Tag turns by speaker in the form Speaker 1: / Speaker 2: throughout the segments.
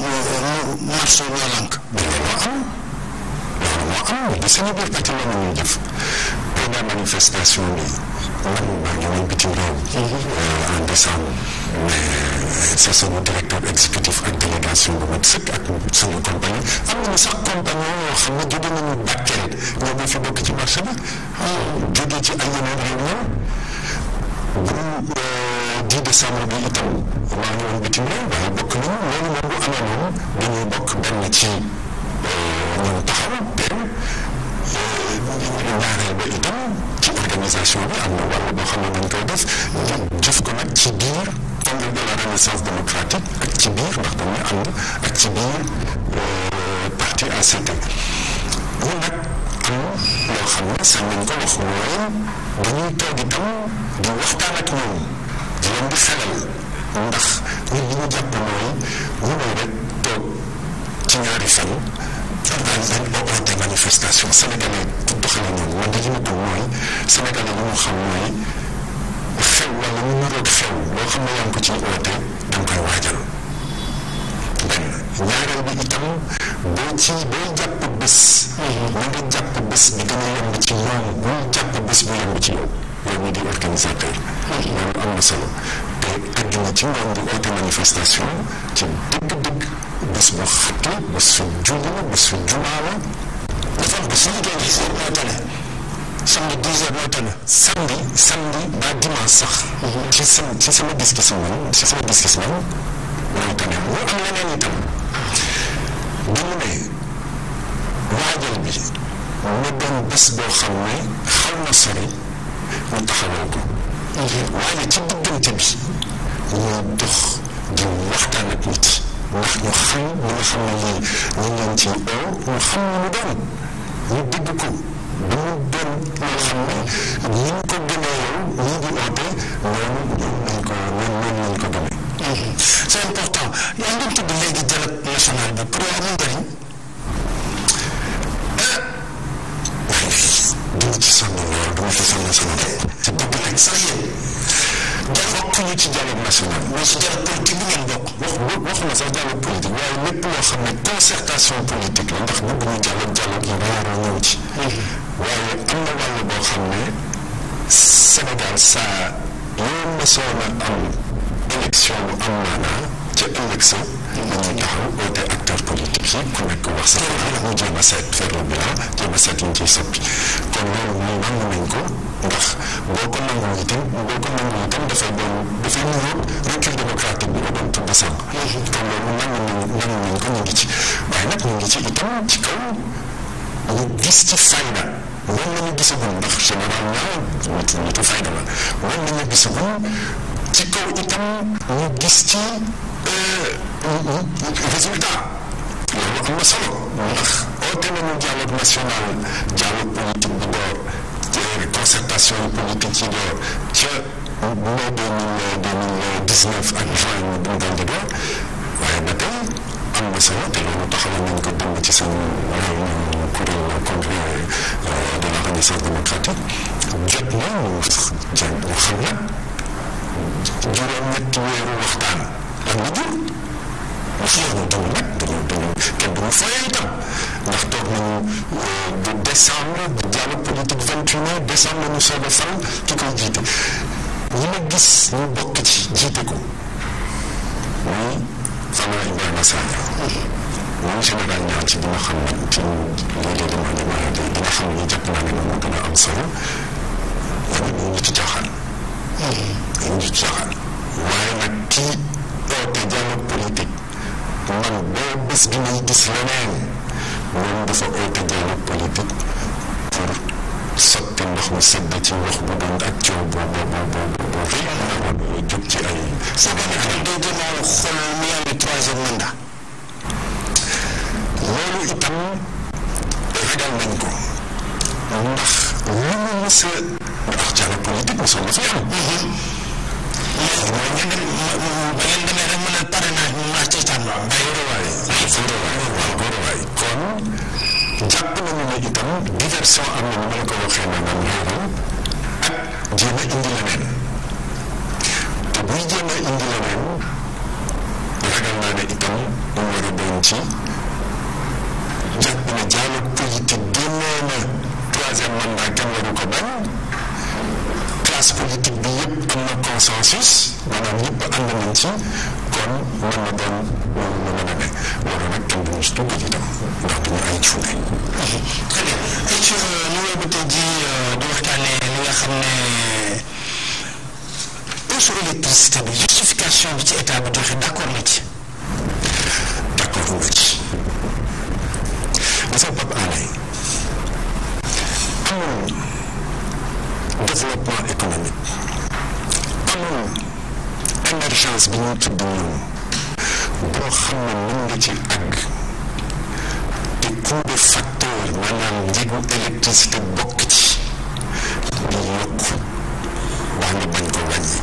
Speaker 1: marché ñoo lànk dañoo am dañoo am ba seen biir parti la ñu def pendant manifestation bi man maa ngi woon bitim réew mais c'est sama directeur exécutif ak délégation bu mat sëkk ak sama compagnie am nañu sax compagnie yoo xam ne jóge nañu Bakel ñoo fi bokk ci marché bi jóge ci ay yeneen réunion bu dix décembre bi itam maa ngi woon waaye bokk nañu loolu moom bu amee moom dañuy bokk benn ci euh, ñun taxaw te euh, ñaareel ba itam ci organisation bi am na wàll boo xam ne dañ koy def jëf ko nag ci biir congrès de la renaissance démocratique ak ci biir ndax dañuy ànd ak ci biir euh, parti ACT ñun nag am loo xam ne sax nañ ko wax mooy dañuy toog itam ma waxtaan ak ñoom leen di xelal ndax ñun li ñu jàpp mooy rek toog ci ñaari fan organiser organiser manifestation sénégalais doxale noonu man dañu ma toog mooy sénégalais mu xam mooy xew wala mu naroog xew loo xam ne yaa ko ciy oote da koy waajal ñaareel bi itam boo ci booy jàpp bés. na nga jàpp bés bi gën a yomb ci yoon bul jàpp bés bu yomb ci yow. yow mii di organisateur. loolu am na solo te àddina ci ngoon di oote manifestation ci dëgg-dëgg bés bu xatu bésu julli la bésu jumaa la. dafa am bés yi ngeen gis mooy tane samedi dix heures mooy tane. samedi samedi ba dimanche sax. ci sa ci sama gis-gis man ci sama gis-gis man mooy tane mu am leneen itam. dañu ne waajal bi mu doon bés boo xam ne xaw na sori. ñu taxawal ko. waaye ci diggante bi ñoo dox di waxtaan ak nit ndax ñu xam ñu nga xam ne lii ñu ngi leen ci oo ñu xam ne mu doon ñu dégg ko ba mu doon loo xam ne ni ñu ko gënee yow ñii di oote noonu lañ ko noonu lañ ko gënee. c'est important yaa ngi tudd waxuñu ci ci dialogue politique bi ngeen bokk wax waxuma waaye lépp loo xam ne concertation politique la ndax bëgg ñu dialogue dialogue yi raara ñëw ci waaye am na wàll boo xam ne Sénégal saa yoo mosoon a am élection bu am maanaa ca ëllëg sa dañuy taxaw oote acteur politique yi ku nekk wax sax ñu jéem a seet faire le bilan jéem a soppi kon loolu moom nangu ko ndax boo ko nangoo itam boo ko nangoo itam dafay doon dafay nuyoo recul démocratique bi nga doon tudd sànq. nangu nañu nangu ko ñu ngi ci waaye nag ñu ngi ci itam ci kaw ñu gis ci fayda moom la ñu gisagul ndax généralement nit nitu fayda la moom la ñu gisagul ci kaw itam ñu gis ci résultat loolu am na solo ndax oote nañu dialogue national dialogue politique bu door concertation politique yi door ca mai deux mille deux mille dix ak juin ñu bungal di door waaye ba tey am na solo te loolu taxawal nañ ko démb ci seen réunion euh, kuréel euh, de la renaissance ñu xam nag juróom-ñetti waxtaan ak lu jur mu fiir ñu dund nag dañu dañu kenn du mu fayee itam ndax toog nañu euh, décembre bu jàll politique vingt et un ki koy jiite ñi ma gis ñu bokk ci jiite ko muy Famara Ibrahima Sagna moom général ñaar ci bi xam ne ci léeg-léeg dama démarré tey bi nga xam ne jàpp naa ne moom moo am solo yéen ñu ñu ci caaxaan waaye nag kii oote dialogue politique man boo bés bi ngay gis leneen moom dafa oote dialogue politique sotti ndox mu sedd ci ndox bu doon ak coow boo boo boo boo rëy a jóg ci ay. sa benn xarit day demaaru xol mu nañ ko. ndax lu mu mës a ndax jàll politique mosul ma fi am. léegi nag ñeneen ba ngeen demee rek mën a parrainage mu ci tànn. ay góorawaay ay góorawaay waaw góorawaay kon. jàpp nañu ne itam diversion am na ñu ko waxee na nga ñaaram ak jéem a indi leneen te buy jéem a indi leneen ragal naa ne itam mu war a doon jàpp na dialogue politique génnee na troisième mandat kenn waru ko bañ classe politique bi yëpp am na consensus maanaam ñëpp ànd dem mën na dem mën na mën a nekk loolu nag kenn duñu si tudd itam ndax duñu ay cuune. très bien ayca ñu ngi bëgg ji di waxtaanee li nga xam ne sur électricité bi justification bi ci état bi joxe d' accord na ci. d' accord na ci. gis nga Pape Alé amoon développement économique amoon. émergence bi ñu tudd ñoom boo xam ne mën nga te coût de facteur maanaam njëgu électricité bokk ci di yokk wax nga bañ ko wàññi.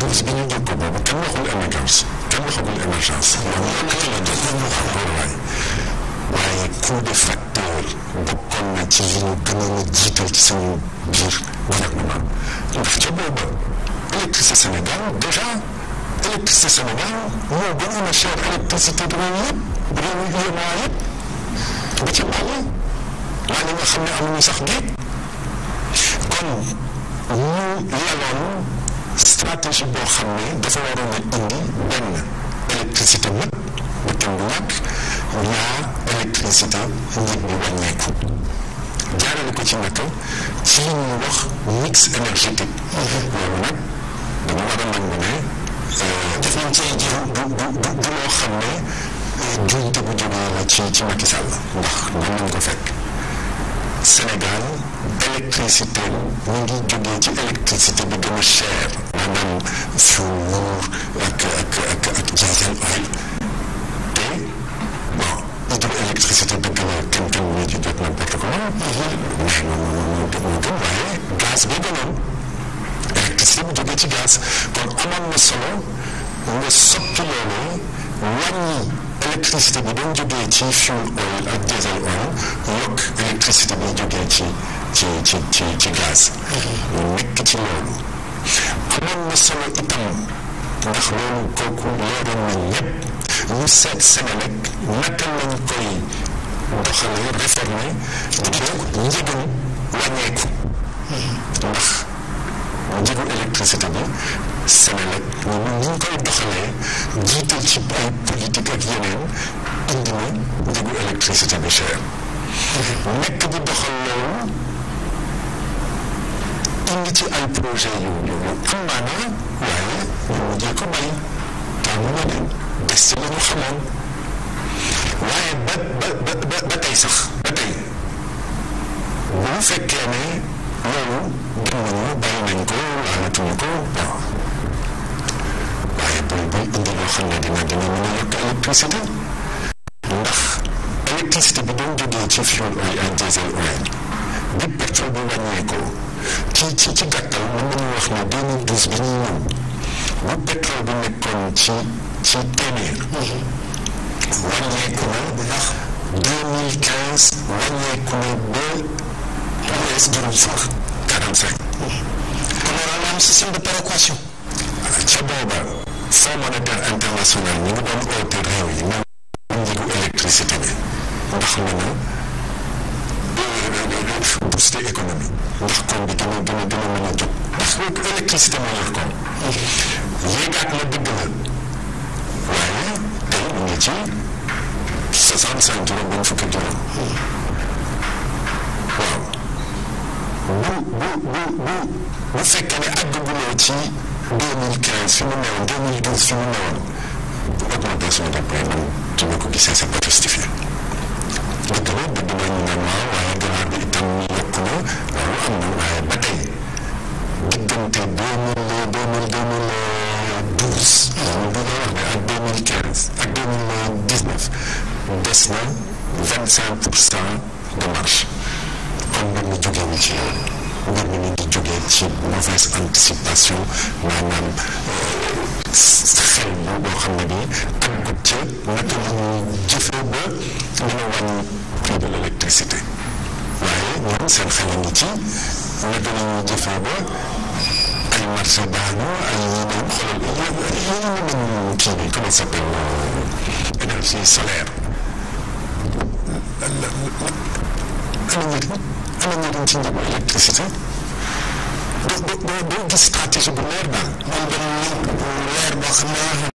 Speaker 1: 2012 bi ñu jokk boobu kenn waxul émergence kenn waxagul émergence loolu yëpp la jot nañ wax waay waaye coût de facteur bokkoon na ci li ñu gënoon a jiital ci suñu biir gouvernement ndax ca électricité Sénégal déjà électricité Sénégal moo gënoon a bi ci Mali maa xam ne amuñu sax géej kon ñu yeloon stratégie boo xam ne dafa waroon a indi benn électricité mët bu kenn du ñàkk ñaar électricité njëg bi wàññeeku jaarale ko ci naka ci li ñuy wax mix énergétique mm-hmm. loolu nag war a nangu ne def nañ cee jëf bu bu bu loo xam ne njuumte bu jógee la ci ci Macky ndax ñun nañ ko fekk Sénégal électricité mu ngi jógee ci électricité bi gën a cher maanaam fu muur ak ak ak ak diesel oil te bon hydroélectricité dëgg la kenn kenn ñu ci jot n'importe comment mais moom moo gën waaye gaz bi gënoon électricité bu jógee ci gaz kon amoon na solo nga soppi loolu wàññi électricité bi doon jógee ci fuel oil ak diesel oil yokk électricité bi jógee ci gaz. nekk ci loolu amoon na solo itam ndax loolu kooku leeroon nañ ñëpp ñu seet Senelec naka lañ koy doxalee réformer di wàññeeku ndax. njëgu électricité bi Sénélec ñun ñu ngi koy doxalee jiital ci ay politique ak yeneen indi na di doxal loolu indi ci ay projet yu yu am maanaa waaye ñu mujjee ko bay tànn na leen des ci la waaye ba ba ba ba électricité ndax électricité bi doon jógee ci fuel oil ak diesel oil bi pétrole bi wàññeekoo ci ci ci gàttal mën nañu wax ne bi ñuy ñëw bu pétrole bi nekkoon ci ci téeméer wàññeeku na ndax 2015 wàññeeku na ba lees juróom sax 45 kon war a am système de péréquation ca booba Fonds monétaire international ñu ngi doon oote réew yi même njëgu électricité bi ndax ñu ne booster économie ndax koom bi dina dina dina mën a jóg ndax électricité moo yor koom yéegaat na dëgg la waaye tey mu ci soixante cinq juróom benn fukki juróom waaw bu bu bu bu bu fekkee ne àgg ci 2015 fi mu newoon 2012 fi mu newoon augmentation des prix man su ma ko gisee c'est pas justifié dëgg la dëgg la ñu ne waaw waaye ganaar bi itam yokk na loolu am na waaye ba tey diggante 2000 2000 2012 loolu bi nga des na 25 pour cent de marge kon nag ñu jógee ci yoon ci mauvaise anticipation maanaam xel boo xam ne bi àggut ca naka la ñuy ba mën a wàññi prix de l'électricité waaye ñoom seen xel ci naka la ñuy ba ay marché daanu ay yeneen xoolal yeneen yeneen kii bi comment ça s'appelle énergie solaire ana njëriñ ana njëriñ ci njëgu électricité stratégie bu leer daal moom dañu leer boo xam ne